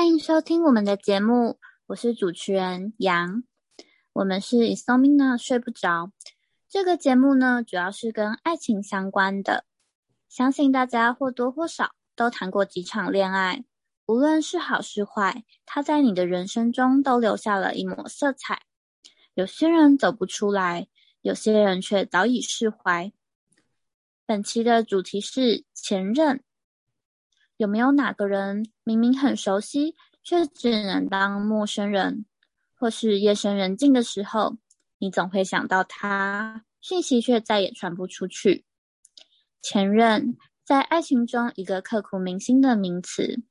歡迎收聽我們的節目，我是主持人楊，我們是 insomnia 睡不着。這個節目呢，主要是跟愛情相關的。相信大家或多或少都談過幾場戀愛，無論是好是壞，它在你的人生中都留下了一抹色彩。有些人走不出來，有些人卻早已釋懷。本期的主題是前任。有沒有哪個人明明很熟悉，卻只能當陌生人？或是夜深人靜的時候，你總會想到他，訊息卻再也傳不出去。前任，在愛情中一個刻骨銘心的名詞。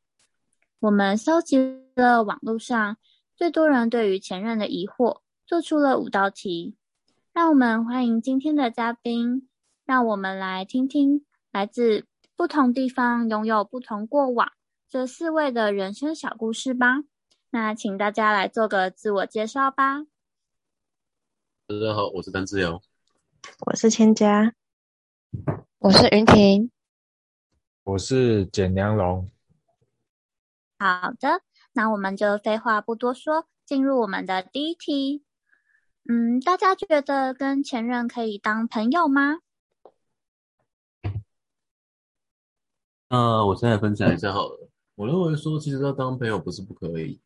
我們搜集了網絡上最多人對於前任的疑惑，做出了五道題。讓我們歡迎今天的嘉賓，讓我們來聽聽來自。不同地方擁有不同過往，這四位的人生小故事吧。那請大家來做個自我介紹吧。大家好，我是單自由，我是千佳，我是雲婷，我是簡良龍。好的，那我們就廢話不多說，進入我們的第一題。嗯，大家覺得跟前任可以當朋友嗎？啊、呃，我現在分享一下好了。我認為說，其實要當朋友不是不可以，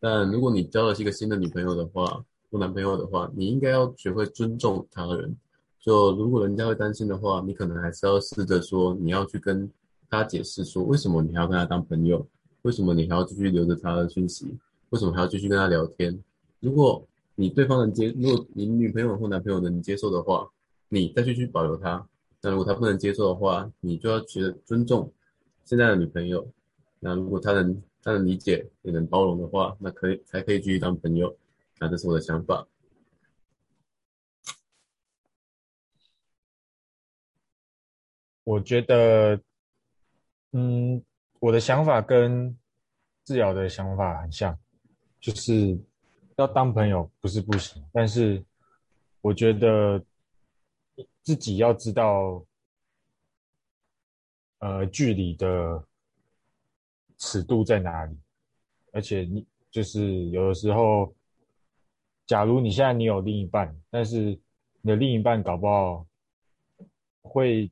但如果你交的是一個新的女朋友的話，或男朋友的話，你應該要學會尊重他的人。就如果人家會擔心的話，你可能還是要試着說，你要去跟他解釋說，為什麼你還要跟他當朋友，為什麼你還要繼續留着他的訊息，為什麼還要繼續跟他聊天。如果你對方能接，如果你女朋友或男朋友能接受的話，你再去去保留他。但如果他不能接受的話，你就要學尊重。現在的女朋友，那如果她能、她能理解、也能包容的話，那可以才可以繼續當朋友。那這是我的想法。我覺得，嗯，我的想法跟志瑤的想法很像，就是要當朋友不是不行，但是我覺得自己要知道。呃，距離的尺度在哪裡？而且你就是有的時候，假如你現在你有另一半，但是你的另一半搞不好會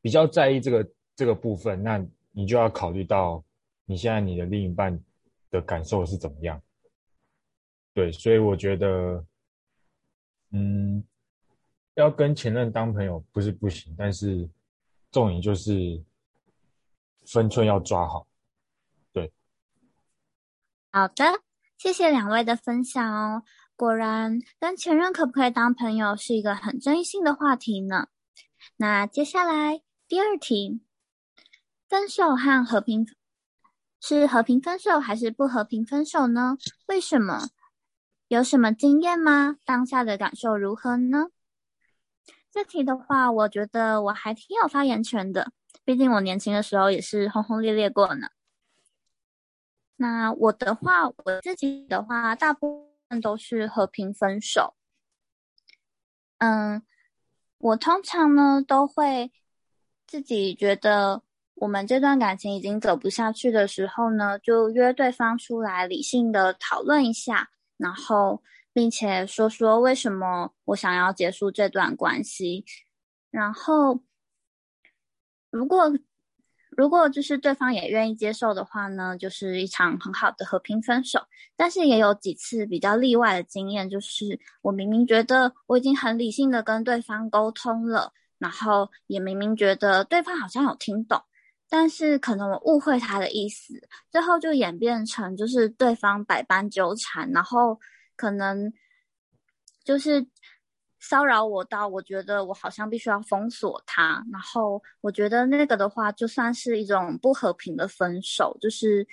比較在意這個這個部分，那你就要考慮到你現在你的另一半的感受是怎麼樣。對，所以我覺得，嗯，要跟前任當朋友不是不行，但是。重點就是分寸要抓好，對。好的，謝謝兩位的分享哦。果然，跟前任可不可以當朋友，是一個很爭議性的話題呢。那接下來第二題，分手和和平，是和平分手還是不和平分手呢？為什麼？有什麼經驗嗎？當下的感受如何呢？這題的話，我覺得我還挺有發言權的，畢竟我年輕的時候也是轟轟烈烈過呢。那我的話，我自己的話，大部分都是和平分手。嗯，我通常呢都會自己覺得我們這段感情已經走不下去的時候呢，就約對方出來理性的討論一下，然後。並且說說為什麼我想要結束這段關係。然後，如果如果就是對方也願意接受的話呢，就是一場很好的和平分手。但是也有幾次比較例外的經驗，就是我明明覺得我已經很理性的跟對方溝通了，然後也明明覺得對方好像有聽懂，但是可能我誤會他的意思，最後就演變成就是對方百般糾纏，然後。可能就是騷擾我到我覺得我好像必須要封鎖他，然後我覺得那個的話就算是一種不和平的分手，就是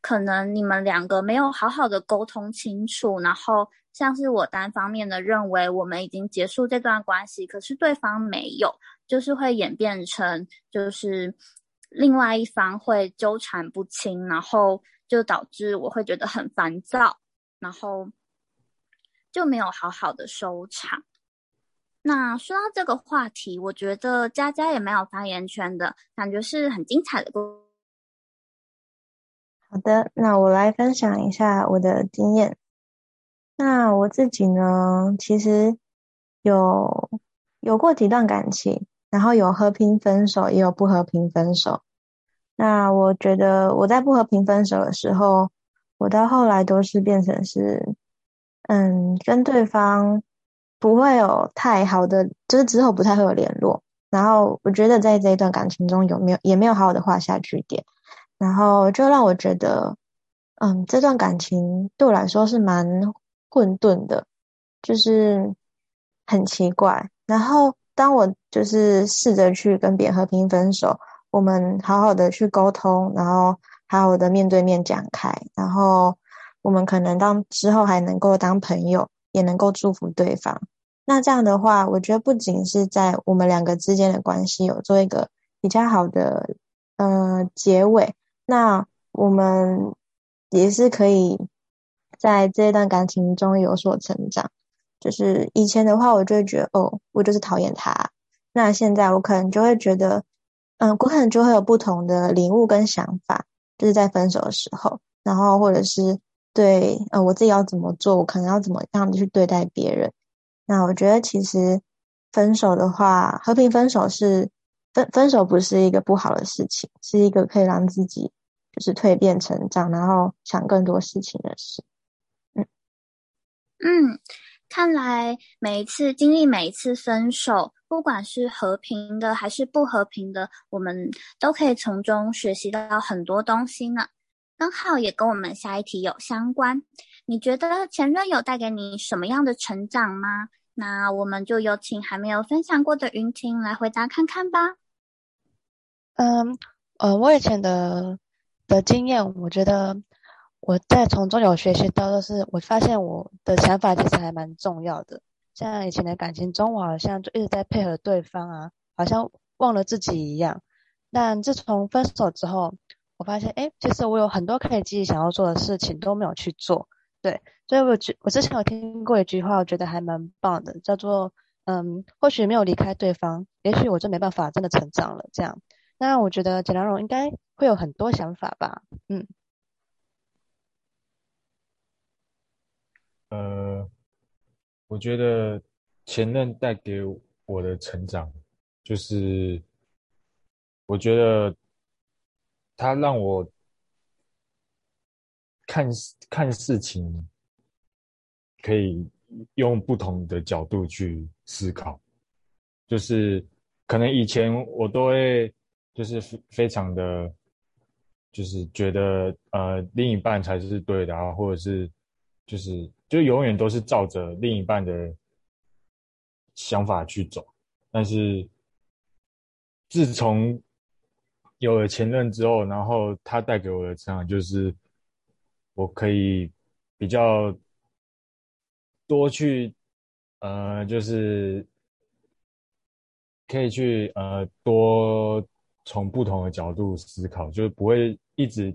可能你們兩個沒有好好的溝通清楚，然後像是我單方面的認為我們已經結束這段關係，可是對方沒有，就是會演變成就是另外一方會糾纏不清，然後就導致我會覺得很煩躁，然後。就沒有好好的收場。那說到這個話題，我覺得佳佳也蠻有發言權的，感覺是很精彩的。好的，那我來分享一下我的經驗。那我自己呢，其實有有過幾段感情，然後有和平分手，也有不和平分手。那我覺得我在不和平分手的時候，我到後來都是變成是。嗯，跟對方不會有太好的，就是之後不太會有聯絡。然後我覺得在這一段感情中，有沒有也沒有好好的畫下句點，然後就讓我覺得，嗯，這段感情對我來說是蠻混沌的，就是很奇怪。然後當我就是試着去跟別人和平分手，我們好好的去溝通，然後好好的面對面講開，然後。我們可能到之後還能夠當朋友，也能夠祝福對方。那這樣的話，我覺得不僅是在我們兩個之間的關係有做一個比較好的嗯、呃、結尾，那我們也是可以在這段感情中有所成長。就是以前的話，我就會覺得哦，我就是討厭他、啊。那現在我可能就會覺得，嗯、呃，我可能就會有不同的領悟跟想法。就是在分手的時候，然後或者是。對，呃，我自己要怎麼做？我可能要怎麼樣去對待別人？那我覺得其實分手的話，和平分手是，分，分手不是一個不好的事情，是一個可以讓自己就是蛻變成長，然後想更多事情的事。嗯，嗯，看來每一次經歷每一次分手，不管是和平的還是不和平的，我們都可以從中學習到很多東西呢。剛好也跟我們下一題有相關，你覺得前任有帶給你什麼樣的成長嗎？那我們就有請還沒有分享過的云晴來回答看看吧。嗯，呃，我以前的的經驗，我覺得我在從中有學習到的是，我發現我的想法其實還蠻重要的。像以前的感情中，我好像就一直在配合對方啊，好像忘了自己一樣。但自從分手之後，我發現，哎，其實我有很多可以自己想要做的事情都沒有去做，對，所以我之，我之前有聽過一句話，我覺得還蠻棒的，叫做“嗯，或許沒有離開對方，也許我就沒辦法真的成長了”。這樣，那我覺得簡良榮應該會有很多想法吧，嗯。呃，我覺得前任帶給我的成長，就是我覺得。他讓我看看事情，可以用不同的角度去思考。就是可能以前我都會，就是非非常的，就是覺得呃另一半才是對的啊，或者是就是就永遠都是照着另一半的想法去走。但是自從有了前任之後，然後他帶給我的成長就是，我可以比較多去，呃，就是可以去呃多從不同的角度思考，就是不會一直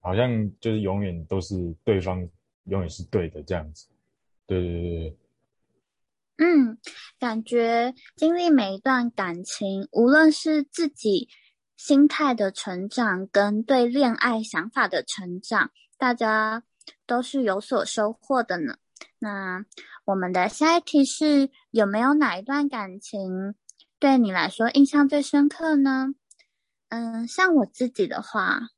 好像就是永遠都是對方永遠是對的這樣子。對對對。嗯，感覺經歷每一段感情，無論是自己心態的成長，跟對戀愛想法的成長，大家都是有所收穫的呢。那我們的下一題是，有沒有哪一段感情對你來說印象最深刻呢？嗯，像我自己的話，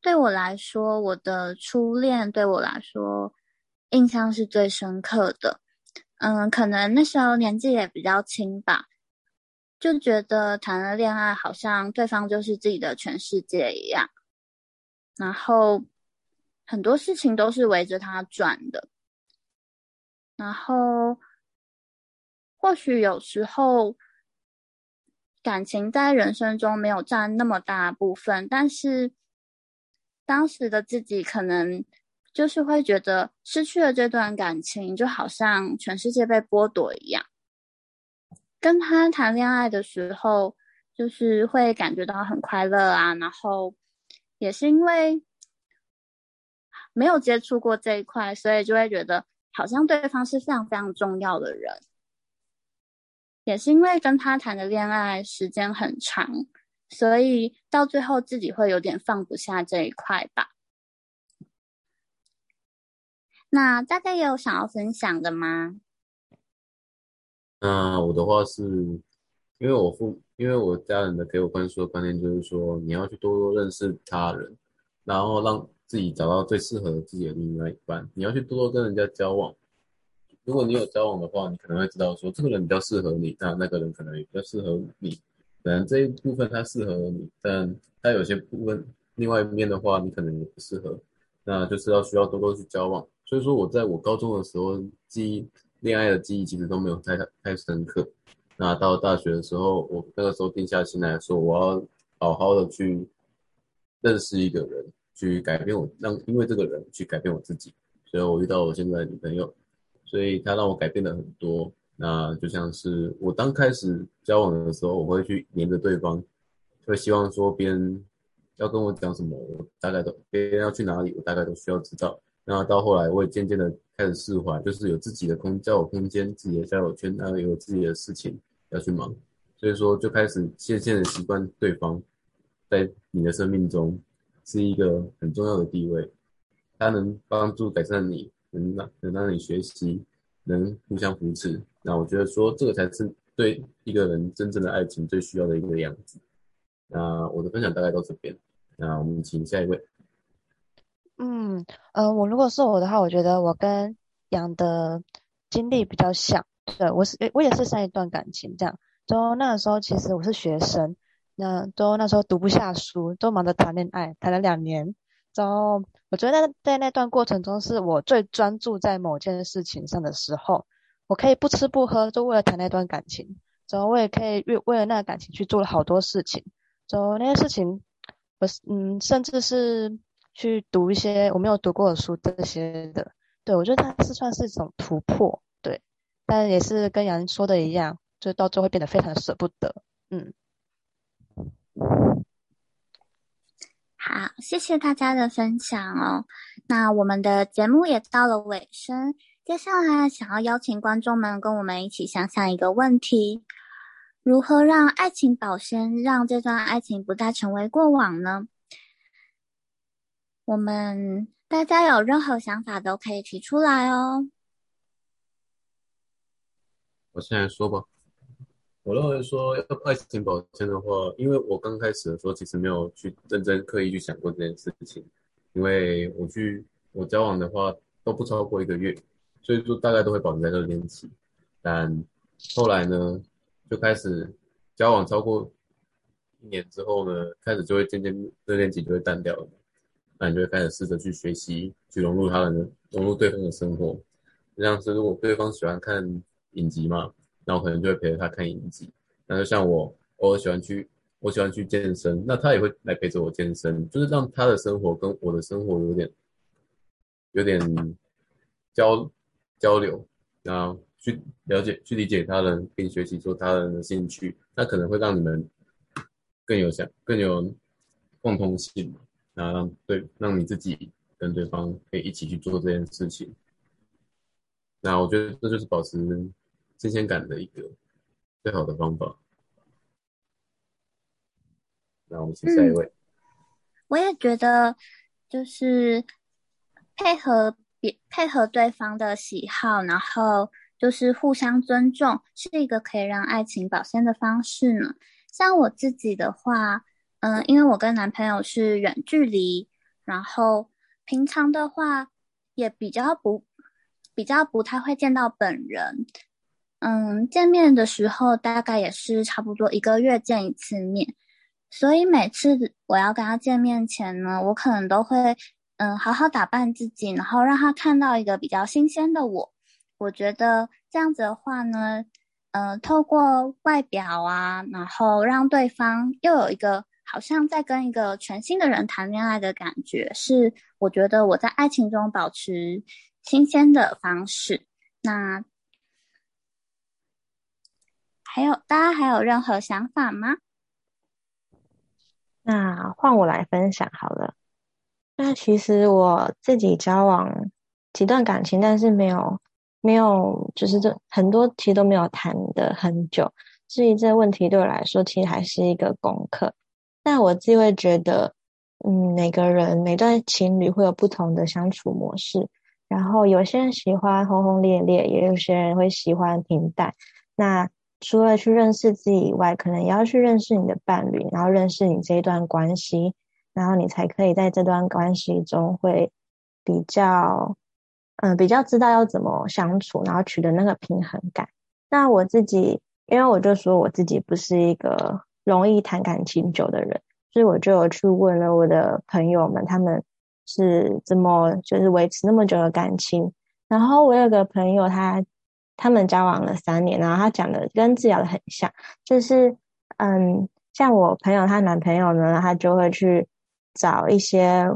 對我來說，我的初戀對我來說。印象是最深刻的，嗯，可能那時候年紀也比較輕吧，就覺得談了戀愛好像對方就是自己的全世界一樣，然後很多事情都是圍着他轉的，然後或許有時候感情在人生中沒有佔那麼大部分，但是當時的自己可能。就是會覺得失去了這段感情，就好像全世界被剝奪一樣。跟他談戀愛的時候，就是會感覺到很快樂啊，然後，也是因為沒有接觸過這一塊，所以就會覺得好像對方是非常非常重要的人。也是因為跟他談的戀愛時間很長，所以到最後自己會有點放不下這一塊吧。那大家有想要分享的嗎？那我的話是因為我父，因為我家人的給我灌輸的觀念就是說，你要去多多認識他人，然後讓自己找到最適合自己的另外一半。你要去多多跟人家交往。如果你有交往的話，你可能會知道說，這個人比較適合你，但那，那個人可能也比較適合你。可能這一部分他適合你，但他有些部分另外一面的話，你可能也不適合。那就是要需要多多去交往。所以說，我在我高中的時候，記憶，戀愛的記憶其實都沒有太太深刻。那到大學的時候，我那個時候定下心來說，我要好好的去認識一個人，去改變我，讓因為這個人去改變我自己。所以我遇到我現在的女朋友，所以她讓我改變了很多。那就像是我剛開始交往的時候，我會去黏着對方，就會希望說別人要跟我講什麼，我大概都別人要去哪裡，我大概都需要知道。那到後來，我也漸漸的開始釋懷，就是有自己的空交友空間，自己的交友圈，然後有自己的事情要去忙，所以說就開始漸漸的習慣對方，在你的生命中是一個很重要的地位，他能幫助改善你，能讓能讓你學習，能互相扶持。那我覺得說這個才是對一個人真正的愛情最需要的一個樣子。那我的分享大概到這邊，那我們請下一位。嗯，呃，我如果是我的話，我覺得我跟楊的經歷比較像。對，我是，我也是上一段感情這樣。就那時候其實我是學生，那都那時候讀不下書，都忙着談戀愛，談了兩年。然後我覺得在在那段過程中，是我最專注在某件事情上的時候，我可以不吃不喝，就為了談那段感情。然後我也可以為為了那個感情去做了好多事情。就，那些事情，我是，嗯，甚至是。去讀一些我沒有讀過的書，這些的，對，我覺得它是算是一種突破，對，但也是跟楊說的一樣，就到最後會變得非常捨不得。嗯，好，謝謝大家的分享哦。那我們的節目也到了尾聲，接下來想要邀請觀眾們跟我們一起想想一個問題：如何讓愛情保鮮，讓這段愛情不再成為過往呢？我們大家有任何想法都可以提出來哦。我現在說吧，我認為說要愛情保鮮的話，因為我剛開始的時候其實沒有去認真刻意去想過這件事情，因為我去我交往的話都不超過一個月，所以說大概都會保持在熱戀期。但後來呢，就開始交往超過一年之後呢，開始就會漸漸熱戀期就會淡掉了。那你就會開始試着去學習，去融入他人的，融入對方的生活。像是如果對方喜歡看影集嘛，那我可能就會陪着他看影集。那就像我偶爾喜歡去，我喜歡去健身，那他也會來陪着我健身。就是讓他的生活跟我的生活有點，有點交交流，然後去了解、去理解他人，並學習做他人的興趣，那可能會讓你們更有想，更有共通性。那、啊、讓對，讓你自己跟對方可以一起去做這件事情。那、啊、我覺得這就是保持新鮮感的一個最好的方法。那、啊、我們請下一位，嗯。我也覺得，就是配合配合對方的喜好，然後就是互相尊重，是一個可以讓愛情保鮮的方式呢。像我自己的話。嗯，因為我跟男朋友是遠距離，然後平常的話也比較不比較不太會見到本人。嗯，見面的時候大概也是差不多一個月見一次面，所以每次我要跟他見面前呢，我可能都會嗯好好打扮自己，然後讓他看到一個比較新鮮的我。我覺得這樣子的話呢，呃，透過外表啊，然後讓對方又有一個。好像在跟一個全新的人談戀愛的感覺，是我覺得我在愛情中保持新鮮的方式。那，還有，大家還有任何想法嗎？那換我來分享好了。那其實我自己交往幾段感情，但是沒有沒有，就是這很多其實都沒有談的很久。至於這個問題對我來說，其實還是一個功課。但我自己會覺得，嗯，每個人每段情侶會有不同的相處模式，然後有些人喜歡轟轟烈烈，也有些人會喜歡平淡。那除了去認識自己以外，可能也要去認識你的伴侶，然後認識你這一段關係，然後你才可以在這段關係中會比較，嗯、呃，比較知道要怎麼相處，然後取得那個平衡感。那我自己，因為我就說我自己不是一個。容易談感情久的人，所以我就有去問了我的朋友們，他們是怎麼就是維持那麼久的感情。然後我有個朋友他，他他們交往了三年，然後他講的跟志瑤的很像，就是嗯，像我朋友她男朋友呢，他就會去找一些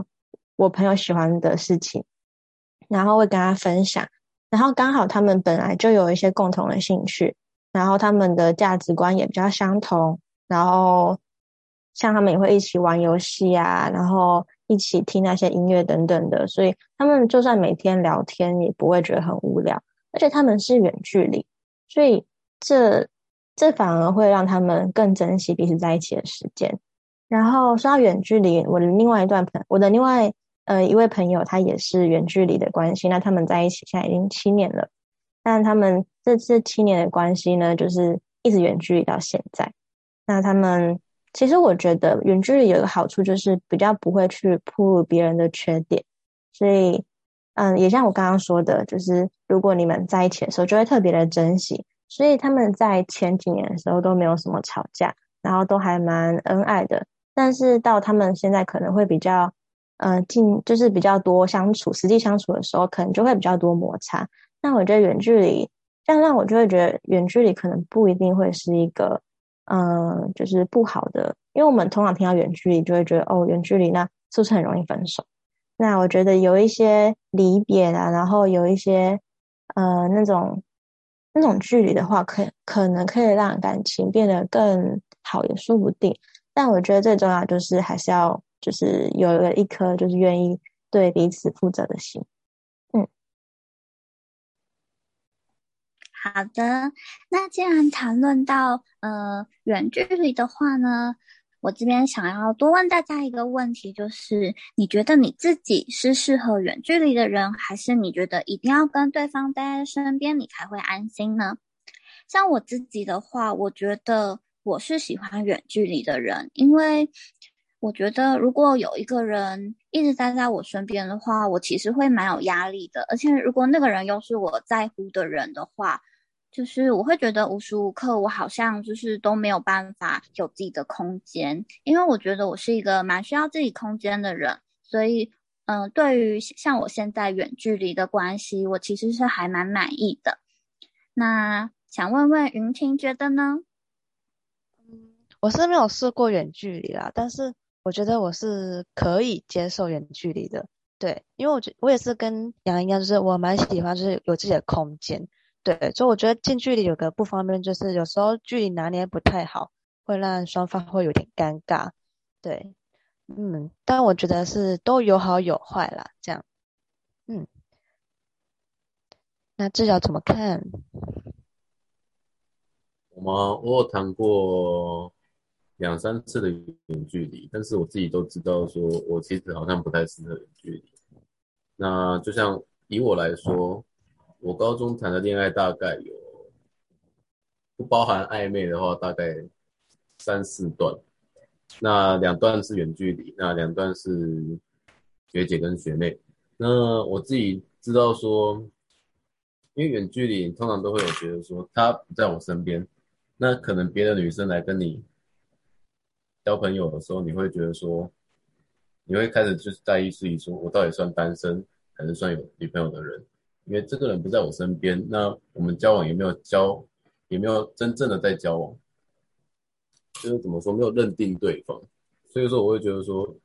我朋友喜歡的事情，然後會跟他分享，然後剛好他們本來就有一些共同的興趣，然後他們的價值觀也比較相同。然後，像他們也會一起玩遊戲啊，然後一起聽那些音樂等等的，所以他們就算每天聊天也不會覺得很無聊，而且他們是遠距離，所以這這反而會讓他們更珍惜彼此在一起的時間。然後說到遠距離，我的另外一段朋友，我的另外呃一位朋友，他也是遠距離的關係，那他們在一起現在已經七年了，但他們這這七年的關係呢，就是一直遠距離到現在。那他們其實，我覺得遠距離有個好處，就是比較不會去鋪入別人的缺點，所以，嗯，也像我剛剛說的，就是如果你們在一起的時候就會特別的珍惜，所以他們在前幾年的時候都沒有什麼吵架，然後都還蠻恩愛的。但是到他們現在可能會比較，嗯，近就是比較多相處，實際相處的時候可能就會比較多摩擦。那我覺得遠距離這樣，讓我就會覺得遠距離可能不一定會是一個。嗯，就是不好的，因為我們通常聽到遠距離，就會覺得哦，遠距離那、啊、是不是很容易分手？那我覺得有一些離別啊，然後有一些呃那種那種距離的話，可可能可以讓感情變得更好，也說不定。但我覺得最重要就是還是要就是有了一顆就是願意對彼此負責的心。好的，那既然談論到呃遠距離的話呢，我這邊想要多問大家一個問題，就是你覺得你自己是適合遠距離的人，還是你覺得一定要跟對方待在身邊你才會安心呢？像我自己的話，我覺得我是喜歡遠距離的人，因為我覺得如果有一個人一直待在我身邊的話，我其實會蠻有壓力的，而且如果那個人又是我在乎的人的話。就是我會覺得無時無刻我好像就是都沒有辦法有自己的空間，因為我覺得我是一個蠻需要自己空間的人，所以嗯，呃，對於像我現在遠距離的關係，我其實是還蠻滿意的。那想問問雲婷覺得呢？我是沒有試過遠距離啦，但是我覺得我是可以接受遠距離的，對，因為我覺我也是跟楊一樣，就是我蠻喜歡就是有自己的空間。對，所以我覺得近距離有個不方便，就是有時候距離拿捏不太好，會讓雙方會有點尷尬。對，嗯，但我覺得是都有好有壞啦，這樣。嗯，那這要怎麼看？我們有談過兩三次的遠距離，但是我自己都知道，說我其實好像不太適合遠距離。那就像以我來說。嗯我高中談的戀愛大概有，不包含曖昧的話，大概三四段。那兩段是遠距離，那兩段是學姐跟學妹。那我自己知道說，因為遠距離你通常都會有覺得說，他不在我身邊，那可能別的女生來跟你交朋友的時候，你會覺得說，你會開始就是在意自己說，我到底算單身，還是算有女朋友的人。因為這個人不在我身邊，那我們交往也沒有交，也沒有真正的在交往。就是怎麼說，沒有認定對方，所以說我會覺得說，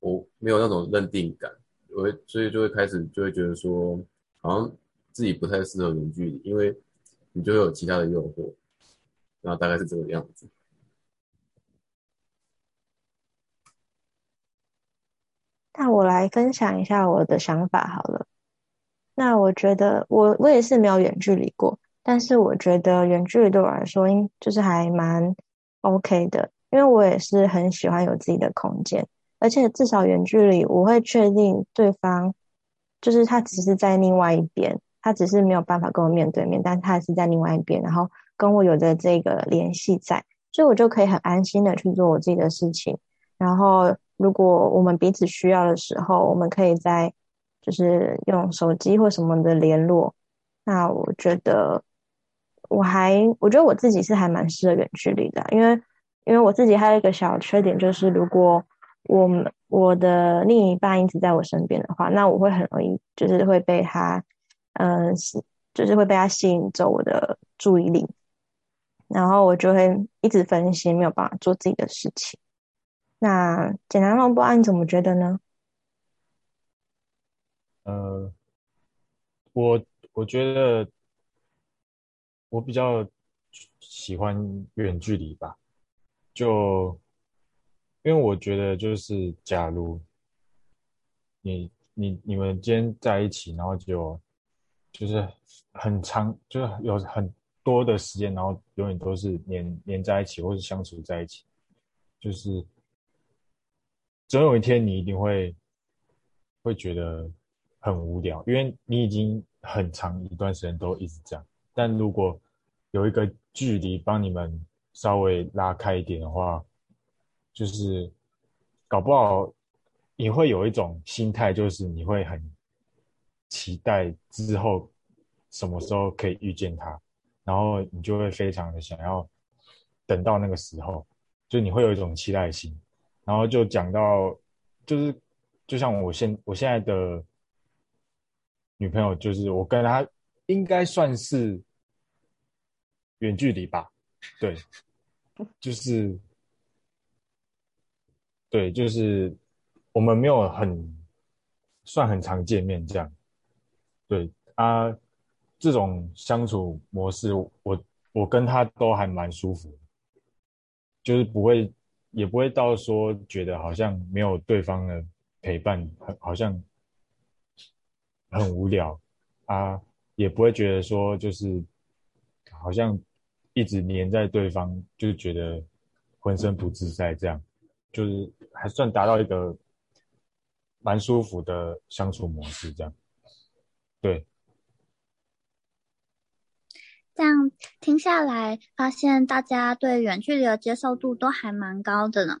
我沒有那種認定感，我會所以就會開始就會覺得說，好像自己不太適合遠距離，因為你就會有其他的誘惑。那大概是這個樣子。那我來分享一下我的想法好了。那我覺得我，我我也是沒有遠距離過，但是我覺得遠距離對我來說，應就是還蠻 OK 的，因為我也是很喜歡有自己的空間，而且至少遠距離我會確定對方，就是他只是在另外一邊，他只是沒有辦法跟我面對面，但是他是在另外一邊，然後跟我有着這個聯繫在，所以我就可以很安心的去做我自己的事情，然後如果我們彼此需要的時候，我們可以在。就是用手機或什麼的聯絡，那我覺得我還，我覺得我自己是還蠻適合遠距離的，因為因為我自己還有一個小缺點，就是如果我我的另一半一直在我身邊的話，那我會很容易就是會被他，嗯、呃，就是會被他吸引走我的注意力，然後我就會一直分心，沒有辦法做自己的事情。那簡單龍，不然你怎麼覺得呢？呃，我我覺得我比較喜歡遠距離吧，就因為我覺得就是，假如你你你們今天在一起，然後就就是很長，就是有很多的時間，然後永遠都是連連在一起，或是相處在一起，就是總有一天你一定會會覺得。很無聊，因為你已經很長一段時間都一直這樣。但如果有一個距離幫你們稍微拉開一點的話，就是搞不好你會有一種心態，就是你會很期待之後什麼時候可以遇見他，然後你就會非常的想要等到那個時候，就你會有一種期待心。然後就講到，就是就像我現我現在的。女朋友就是我跟她應該算是遠距離吧，對，就是，對，就是我們沒有很算很常見面這樣，對，啊，這種相處模式，我我跟她都還蠻舒服，就是不會也不會到說覺得好像沒有對方的陪伴，好像。很無聊，啊，也不會覺得說就是好像一直黏在對方，就覺得渾身不自在，這樣就是還算達到一個蠻舒服的相處模式，這樣，對。這樣聽下來，發現大家對遠距離的接受度都還蠻高的呢。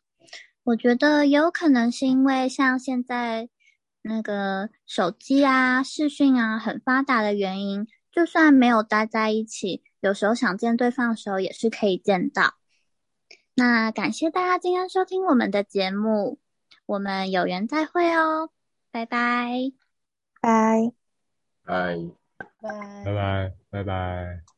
我覺得有可能是因為像現在。那個手機啊、視訊啊很發達的原因，就算沒有待在一起，有時候想見對方的時候也是可以見到。那感謝大家今天收聽我們的節目，我們有緣再會哦，拜拜，拜拜，拜拜，拜拜，拜拜。